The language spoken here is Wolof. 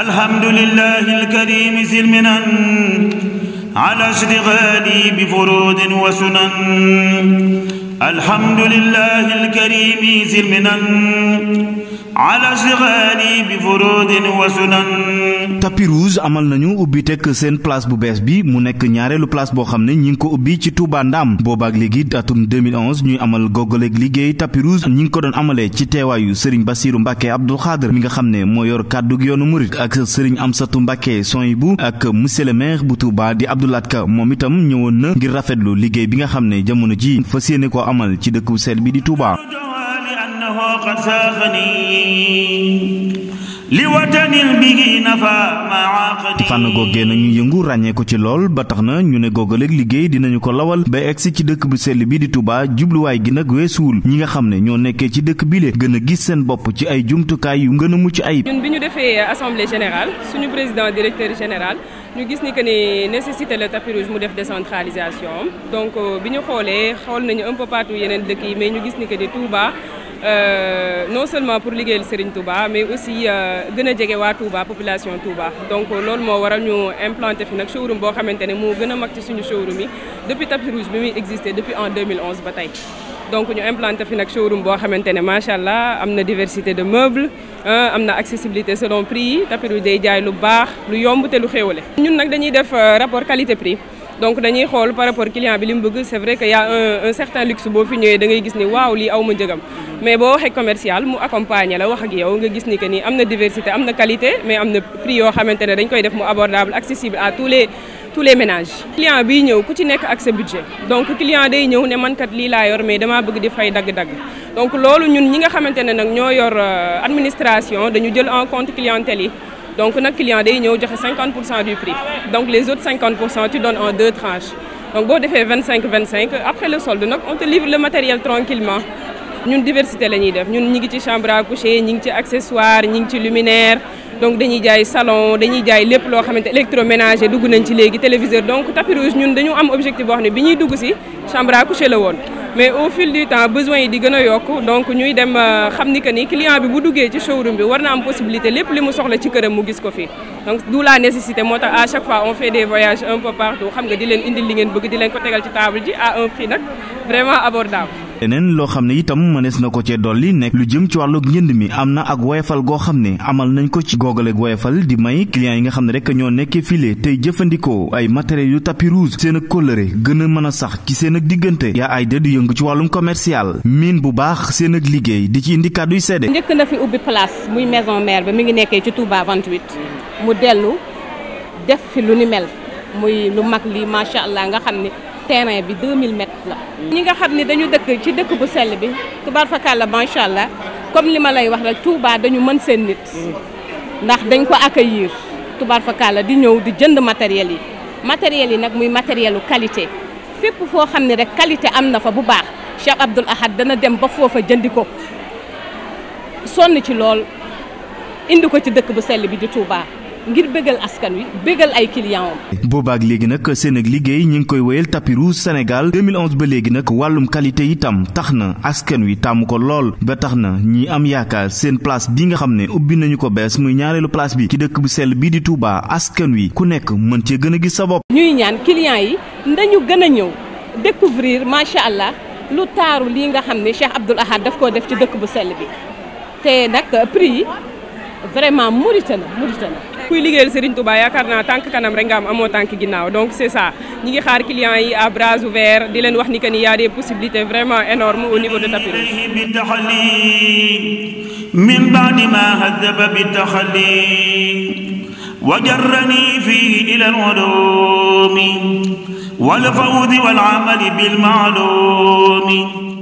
alhamdulilah alkarim silminan ala ishtighali bi furudin wa sunan الحمد لله الكريم ذي المنن bi furudin wa sunan tapis amal nañu ubbi tekk seen place bu bees bi mu nekk ñaareelu place boo xam ne ñi ngi ko ubbi ci Touba Ndam boobaak léegi atum 2011 ñuy amal goggaleeg liggéey tapis rouge ñi ngi ko doon amalee ci teewaayu sëriñ Bassirou Mbacke Abdoul Khadr mi nga xam ne moo yor kàddug yoonu murit ak Serigne Amsatou Mbacke bu ak monsieur le maire bu Touba di Abdou Lahad moom itam ñëwoon na ngir rafetlu liggéey bi nga xam ne jamono ji fas amal ci dëkku sel bi di Touba. ci fànn googee nag ñu yëngu ràññeeku ci lool ba tax na ñu ne googaleeg liggéey dinañu ko lawal ba egsi ci dëkk bu sell bi di tubaa jubluwaay gi nag weesuwul ñi nga xam ne ñoo nekkee ci dëkk bi le gën a gis seen bopp ci ay jumtukaay yu ngën a mucc ayib. ñun bi ñu defee assemblée générale suñu président directeur général. ñu gis ni que ni nécessité la tapis rouge mu def décentralisation am donc euh, bi ñu xoolee xool nañu un peu partout yeneen dëkk yi mais ñu gis ni que ni Touba euh, non seulement pour liggéeyal Serigne Touba mais aussi euh, gën a jege waa Touba population Touba donc loolu moo waral ñu implanté fi nag showroom boo xamante ne moo gën a mag ci suñu showroom yi depuis tapis rouge bi muy existé depuis en 2011 ba tey. donc ñu implante fi nag showroom boo xamante ne macha allah am na diversité de meubles am na accessibilité selon prix yi Tapis day jaay lu baax lu yomb te lu xéewale ñun nag dañuy def euh, rapport qualité prix donc dañuy xool par rapport client bi li mu bëgg c'est vrai que y un, certain luxe boo fi ñëwee da ngay gis ni waaw lii aw ma njëgam mais boo waxee commercial mu accompagner la wax yow nga gis ni que nii am na diversité am na qualité mais am na prix yoo xamante ne dañ koy def mu abordable accessible à tous tous les ménages client bi ñëw ku ci nekk ak sa budget donc client day ñëw ne man kat lii laa yore mais damaa bëgg di fay dagg-dagg donc loolu ñun ñi nga xamante ne nag ñoo yor euh, administration dañu jël en compte clientèle yi donc nag client day ñëw joxe 50 pour cent du prix donc les autres 50 pour cent tu donnes en deux tranches donc boo defee 25 25 après le solde nag on te livre le matériel tranquillement ñun diversité lañuy def ñun ñi ngi ci chambre à coucher ñi ngi ci accessoire ñi ngi ci luminaire donc dañuy jaay salon dañuy jaay lép loo xamante électroménager dugg nañ ci léegi téléviseur donc tapis rouge ñun dañu am objectif xam ne bi ñuy dugg si chambre à coucher la woon mais au fil du temps besoin yi di gën a yokk donc ñuy dem euh, xam ni que ni client bi bu duggee ci showroom bi war na am possibilité lépp li mu soxla ci këram mu gis ko fi donc d'où la nécessité moo tax à chaque fois on fait des voyages un peu partout xam leen indil li bëgg di leen ko tegal ci table ji à un prix leneen loo xam ne itam mënees na ko cee dolli nekk lu jëm ci wàllug njënd mi am na ak woyefal goo xam ne amal nañ ko ci googaleg woyefal di may clients yi nga xam ne rek ñoo nekkee file tey jëfandikoo ay matériels yu tapis rouge seen ak kóllëre gën a mën a sax ci seen ak diggante yaa ay da di yëngu ci wàllum commercial miin bu baax seen ak liggéey di ci indi kàdduy seede njëkk na fi ubbi place muy maison mère ba mi ngi nekkee ci Touba mu dellu terrain bi 2000 mètres la. ñi nga xam ne dañu dëkk ci dëkk bu sell bi tubarfakalla macha allah comme li ma lay wax rek Touba dañu mën seen nit. ndax dañ ko accueillir tubarfakalla di ñëw di jënd matériel yi matériel yi nag muy matérielu qualité fépp foo xam ne rek qualité am na fa bu baax Cheikh Abdoul Ahad dana dem ba foofa jëndi ko sonn ci lool indi ko ci dëkk bu sell bi di tuubaa ngir bégal askan wi bégal ay clients am. boobaak léegi nag seen ak liggéey ñi ngi koy wéyal tapis rouge Sénégal ba léegi nag wàllum qualité itam tax na askan wi tàmm ko lool ba tax na ñi am yaakaar seen place bi nga xam ne ubbi nañu ko bees muy ñaareelu place bi ci dëkk bu sell bii di Touba askan wi ku nekk mën cee gën a gis sa bopp. ñuy ñaan clients yi nañu gën ñëw découvrir macha allah lu taaru lii nga xam ne Cheikh Abdoul Ahad daf kuy liggéeyal Serigne Touba yaakaar naa tànk kanam rek nga am amoo tànk donc c'est ça ñi ngi xaar yi à bras di leen wax ni que ni y a des possibilités vraiment énormes au niveau de Tapis Rouge min ba'di ma haddaba bi taxali wa jarrani fihi ila al-ulumi wal fawzi bil ma'lumi